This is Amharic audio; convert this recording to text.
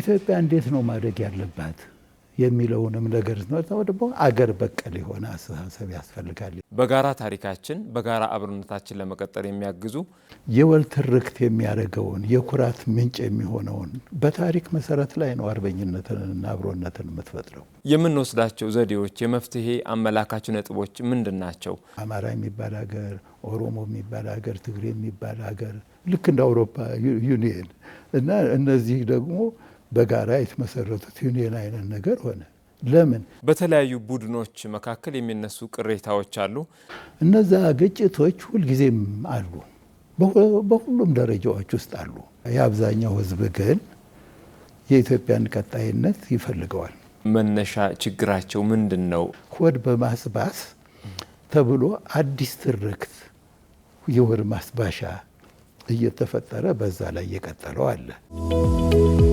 ኢትዮጵያ እንዴት ነው ማደግ ያለባት? የሚለውንም ነገር ደግሞ አገር በቀል የሆነ አስተሳሰብ ያስፈልጋል። በጋራ ታሪካችን በጋራ አብሮነታችን ለመቀጠል የሚያግዙ የወል ትርክት የሚያደርገውን የኩራት ምንጭ የሚሆነውን በታሪክ መሰረት ላይ ነው አርበኝነትንና አብሮነትን የምትፈጥረው። የምንወስዳቸው ዘዴዎች የመፍትሄ አመላካች ነጥቦች ምንድን ናቸው? አማራ የሚባል ሀገር፣ ኦሮሞ የሚባል ሀገር፣ ትግሬ የሚባል ሀገር ልክ እንደ አውሮፓ ዩኒየን እና እነዚህ ደግሞ በጋራ የተመሰረቱት ዩኒየን አይነት ነገር ሆነ። ለምን በተለያዩ ቡድኖች መካከል የሚነሱ ቅሬታዎች አሉ። እነዛ ግጭቶች ሁልጊዜም አሉ፣ በሁሉም ደረጃዎች ውስጥ አሉ። የአብዛኛው ህዝብ ግን የኢትዮጵያን ቀጣይነት ይፈልገዋል። መነሻ ችግራቸው ምንድን ነው? ሆድ በማስባስ ተብሎ አዲስ ትርክት የሆድ ማስባሻ እየተፈጠረ በዛ ላይ የቀጠለው አለ።